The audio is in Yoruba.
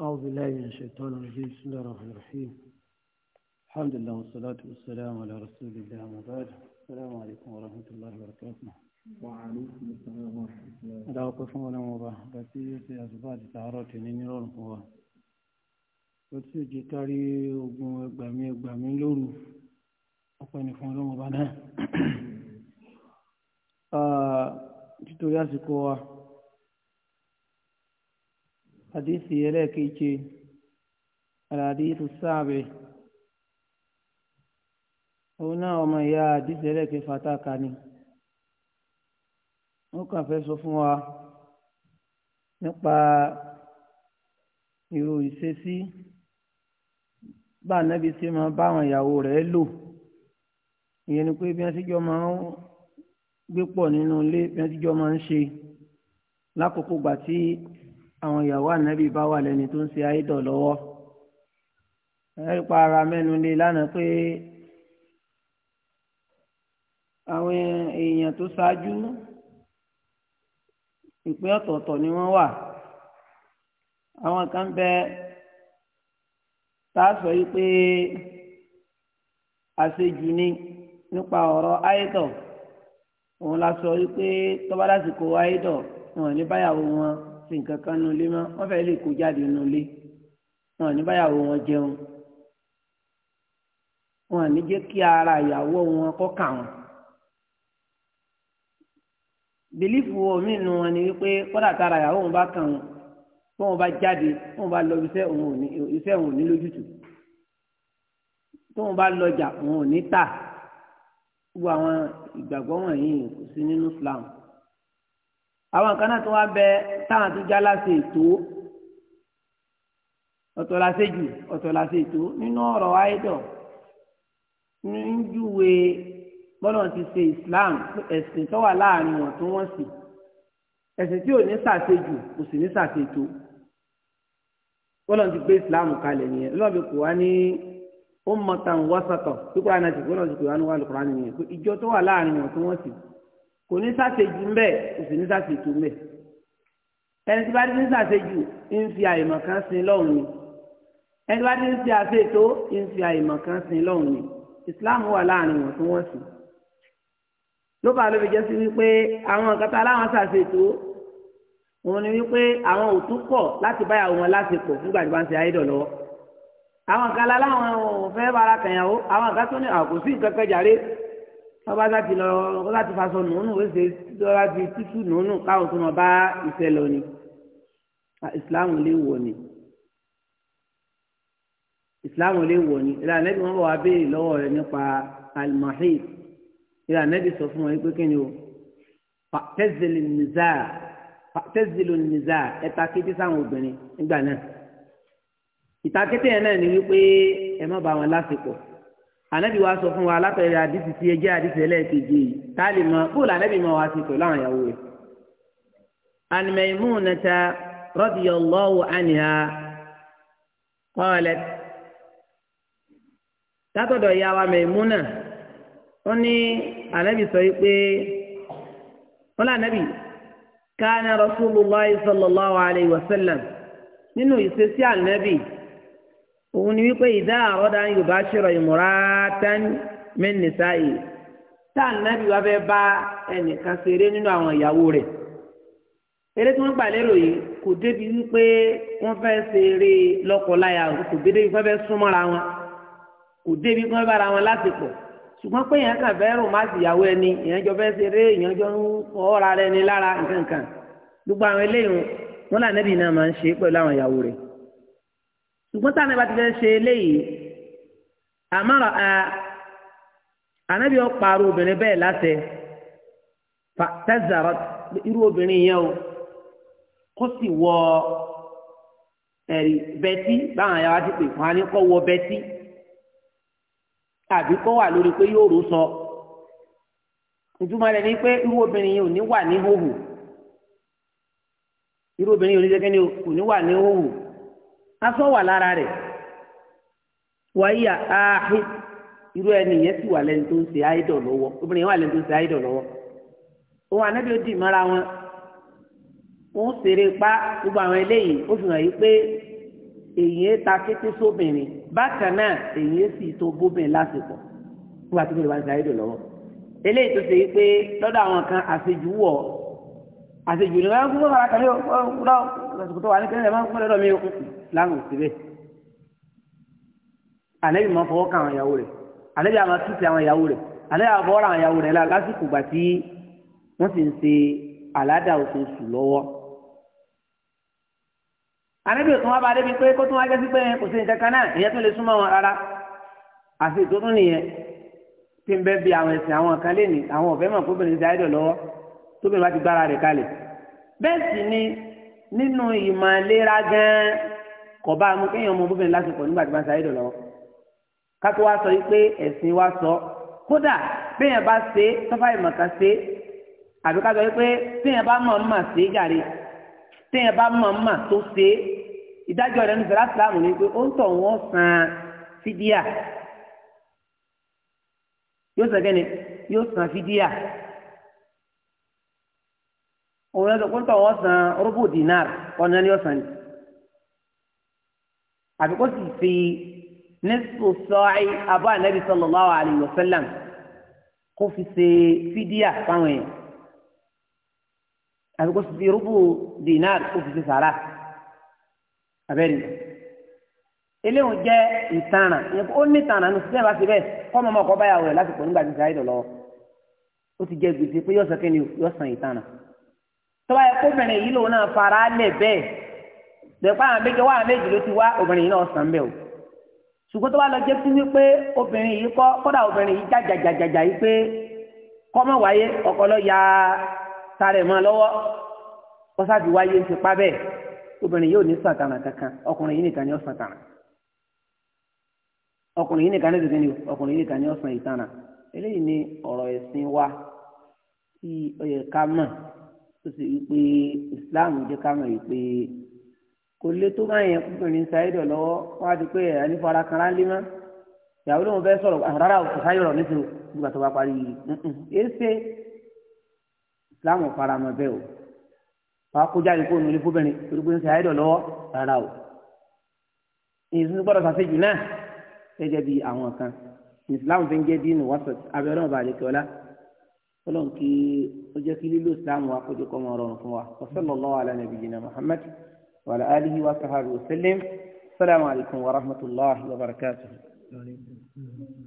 أعوذ بالله من الشيطان الرجيم بسم الله الرحمن الرحيم الحمد لله والصلاة والسلام على رسول الله وبعد السلام عليكم ورحمة الله وبركاته وعليكم السلام ورحمة الله أدعو قسم ولا مباح بسيء في أسباب تعرض نيرون هو وتسجي كاري وبامي وقامي لون أقوى نفهم لهم بنا آه تتويا سكوا حديث يلاكيكي الحديث السابع هنا ọmọ ìyá àdìsẹ́ lẹ́kẹ́ fataka ni wọ́n kàn fẹ́ sọ fún wa nípa irú ìṣesí bá ànábi ṣe máa bá àwọn ìyàwó rẹ̀ lò ìyẹn ni pé bí wọ́n ti jọ àwọn ìyàwó ànábì bá wà lẹ́ni tó ń ṣe àìdọ̀ lọ́wọ́ ẹ̀rípa ara mẹ́nu lé lánàá pé àwọn èèyàn tó ṣáájú ìpín ọ̀tọ̀ọ̀tọ̀ ni wọ́n wà àwọn kan bẹ tá a sọ yìí pé àṣejù ni nípa ọ̀rọ̀ àìdọ̀ òun la sọ yìí pé tọ́ba lásìkò àìdọ̀ wọn ò ní báyàwó wọn sí nǹkan kan nínú ilé mọ́ wọ́n fẹ́ lè kó jáde nínú ilé wọn ní báyàwó wọn jẹun wọn ní jẹ́ kí ara ìyàwó wọn kọ́ kà wọ́n. bìlífù omi nu wọn ni wípé kódà tára ìyàwó wọn bá kàn wọn bí wọn bá jáde bí wọn bá lọ iṣẹ́ òun ò ní iṣẹ́ òun ò lójútùú tí wọn bá lọjà òun ò tà gbogbo àwọn ìgbàgbọ́ wọ̀nyí kò sí nínú Islam àwọn nǹkan náà tó wá bẹ táwọn tó já láṣẹ ètò ọ̀tọ̀ láṣẹ jù ọ̀tọ̀ láṣẹ ètò nínú ọ̀rọ̀ áìdọ̀ níjúwe bọ́lá ti ṣe Islam ẹ̀sìn tó wà láàrin wọn tó wọ́n sì ẹ̀sìn tí ò ní ṣàṣejù kò sì ní ṣàṣètò bọ́lá ti gbé Islam kalẹ̀ nìyẹn lọ́ọ̀bì kò wá ní ummatan wasata kíkúrò àná ti kúrò àná ti kúrò àná wà lùkùrọ̀ nìyẹn ìjọ tó wà láàrin wọn tó wọ́n sì kò ní sàṣejù ńbẹ kò sì ní sàṣejù ńbẹ ẹni tí bá ti ní sàṣejù ń fi àyèmọ̀ kan sin lọ́hùn ni ẹni tí bá ti ń ṣe àṣetò ń fi àyèmọ̀ kan sin lọ́hùn ni Islam wà láàrin wọn tí wọ́n sì ló bá lóbi jẹ́ sí wípé àwọn nǹkan tá láwọn sàṣetò òun ni wípé àwọn ò tún kọ̀ láti báyàwó wọn láṣepọ̀ nígbà tí wọ́n ń ṣe àìdọ̀ àwọn kan láwọn ò fẹ́ bára kẹ̀yàwó àwọn kan tún ní àkòsí nǹkan ọba láti lọ ọba láti faṣọ nùnú wéṣe ọba ti tútù nùnú káwọn tó mọ bá ìṣẹ̀lẹ̀ òní ìsìláàmù lè wọ ni ìsìláàmù lè wọ ni ìlànà ẹbí wọn bọ wá béèrè lọ́wọ́ rẹ̀ nípa alimahid ìlànà ẹbí sọ fún wọn pé kí ni o fàtẹ́zìlì nìzá fàtẹ́zìlì nìzá ẹ̀ta kété sáwọn obìnrin nígbà náà ìta kété yẹn náà ni wípé ẹ má bá wọn lásìkò anabi wa sọ fún wa látọ̀rẹ́ àdìsí tí ẹ jẹ́ àdìsí ẹlẹ́ẹ̀kejì yìí tá a lè mọ bóòlù anabi mọ wa sí pẹ̀lú àwọn ìyàwó rẹ̀. an Maymunata radiyallahu anha qalat látọ̀dọ̀ ìyá wa Maymuna wọ́n ní anabi sọ pé wọ́n lé anabi kana Rasulullahi sallallahu alayhi wa sallam nínú ìṣesí anabi òun ni wípé ìdá àrọ́dá yorùbá ṣèrọ ìmúra tán mẹ́nìsá yìí tá ànábì wá fẹ́ bá ẹnìkan ṣeré nínú àwọn ìyàwó rẹ̀ eré tí wọ́n gbà lérò yìí kò débi wípé wọ́n fẹ́ ṣeré lọ́kọláya kò débi wípé wọ́n fẹ́ súnmọ́ra wọn kò débi wípé wọ́n bára wọn lásìkò ṣùgbọ́n pé èèyàn kàn fẹ́ rò má sì ẹni èèyàn jọ fẹ́ ṣeré èèyàn jọ ń ọ̀ọ́ra rẹ ni lára nǹkan kan gbogbo àwọn eléyìí wọn làǹdẹ́bì náà máa ń ṣe pẹ̀lú àwọn ìyàwó rẹ̀ ṣùgbọ́n táwọn ẹ̀bá ti fẹ́ ṣe eléyìí àmọ́ra ànábì ọ̀pààrọ̀ obìnrin bẹ́ẹ̀ láṣẹ tẹ́sàrọ̀ irú obìnrin yẹn o kó sì wọ ẹ̀rí bẹ́tí báwọn ayáwá ti pè fún wa ní kó wọ bẹ́tí àbí kó wà lórí pé yóò rò sọ ìtumọ̀ ni pé irú obìnrin yẹn ò ní wà ní hóhù irú obìnrin yẹn ò ní jẹ́ kẹ́ni ò ní wà ní hóhù aṣọ wà lára rẹ̀ wáyà áhì irú ẹni yẹn sì wà lẹ́ni tó ń ṣe áìdọ̀ lọ́wọ́ obìnrin yẹn wà lẹ́ni tó ń ṣe áìdọ̀ lọ́wọ́ òun ànábi ó dì mọ́ra wọn wọn ṣeré pa gbogbo àwọn eléyìí ó fi hàn yí pé èyí ta kété sóbìnrin bákan náà èyí sì tó bóbìnrin lásìkò nígbà tó kéré bá ṣe áìdọ̀ lọ́wọ́ eléyìí tó ṣe yí pé lọ́dọ̀ àwọn kan àṣejù wọ̀ àti ìjòyè wọn kúkú sọ̀rọ̀ àkàlẹ́ ọ̀rọ̀ lọ́sọ̀kọ̀tọ̀ wà ní kẹ́lẹ́ máa ń kúkú lọ́dọ̀ mi ò láwọn òsì bẹ́ẹ̀. àlẹ́bí máa fọwọ́ kan àwọn ìyàwó rẹ̀ àlẹ́bí àmọ́ tútì àwọn ìyàwó rẹ̀ àlẹ́bí àmọ́ fọwọ́ àwọn ìyàwó rẹ̀ lásìkò ìgbà tí wọ́n sì ń ṣe àládà oṣooṣù lọ́wọ́. àlẹ́bí òtún wá bá débi pé kó tún wá jẹ́ sí pé kò sí nǹkan kan náà ìyẹn tún lè súnmọ́ wọn rárá àti ìtótún nìyẹn tí ń bẹ́ bí àwọn ẹ̀sìn àwọn kan lé tó bẹ̀rẹ̀ bá ti gbára rẹ̀ kalẹ̀ bẹ́ẹ̀ sì ni nínú ìmọ̀ ìlera gan-an kò bá mu kéèyàn mọ bóbìnrin lásìkò nígbà tí wọ́n sáré dọ̀lọ́ kátó wá sọ pé ẹ̀sìn wa sọ kódà béèyàn bá ṣe tọ́fà ìmọ̀ká ṣe àbí ká sọ pé téèyàn bá mọ̀ ọ́nmà ṣe jàre téèyàn bá mọ̀ ọ́nmà tó ṣe ìdájọ́ rẹ̀ ní sẹ́lá sílámù ni pé ó ń tọ̀ wọ́n san fídíà yóò sàn fídíà òun lọ́dọ̀ kó ń tọ̀ wọ́n san rúbù dinar ọ̀nà ni ọ̀sán ni àbí kó sì fi nísù sọ́ọ̀ì abọ́ ànábì sallallahu alayhi wa sallam kó fi ṣe fídíà fáwọn èèyàn àbí kó sì fi rúbù dinar kó fi ṣe sàrà abẹ́rẹ́ eléwọ̀n jẹ́ ìtanràn ó ní ìtanràn ní sísẹ́ bá ti bẹ́ẹ̀ kọ́ ọmọ ọmọ ọkọ báyàwó rẹ̀ lásìkò nígbà tí sàáyé lọ́wọ́ ó ti jẹ́ gbèsè pé yọ̀ọ̀sán kẹ́ni yọ̀ọ̀sán ìtanràn. tọ́wá yẹ obìnrin yìí lòun náà fara lẹ̀ bẹ́ẹ̀ lẹ́pọ̀ àwọn méje méjì ló ti wá obìnrin yìí náà sàn bẹ́ẹ̀ o ṣùgbọ́n tó lọ jẹ́ sí wípé obìnrin yìí kọ́ kódà obìnrin yìí jàjàjàjàjà yìí pé wáyé lọ ya sáré mọ́ lọ́wọ́ kọ́sáàbì wáyé ń fipá bẹ́ẹ̀ obìnrin yóò ní sàtàrà kankan ọkùnrin yìí nìkan ni ó sàtàrà ọkùnrin yìí nìkan ni ó tó sì wí pé islam jẹ́ ká mọ̀ wípé kò lè tó bá yẹn kúkùnrin sáyédọ̀ lọ́wọ́ wọ́n á di pé ẹ̀ ní fara kan lálé mọ́ ìyàwó lóun fẹ́ sọ̀rọ̀ ah, rárá kò sáyọ̀rọ̀ nítorí nígbà tó bá parí èsè islam fara mọ́ bẹ́ẹ̀ o wọ́n á kó jáde kó nulẹ̀ fóbìnrin torí pé ń sáyédọ̀ lọ́wọ́ rárá o ìsìn gbọ́dọ̀ sàṣejù náà gẹ́gẹ́ bí àwọn kan islam fi ń jẹ́ dínú wọ́sọ̀t ọlọ́run kí ó jẹ́ kí lílo islam wa kójú kọ́ máa rọrùn fún wa wa sallallahu ala nabiyyina muhammad wa ala alihi wa sahbihi wa sallam assalamu alaikum wa rahmatullahi wa barakatuh.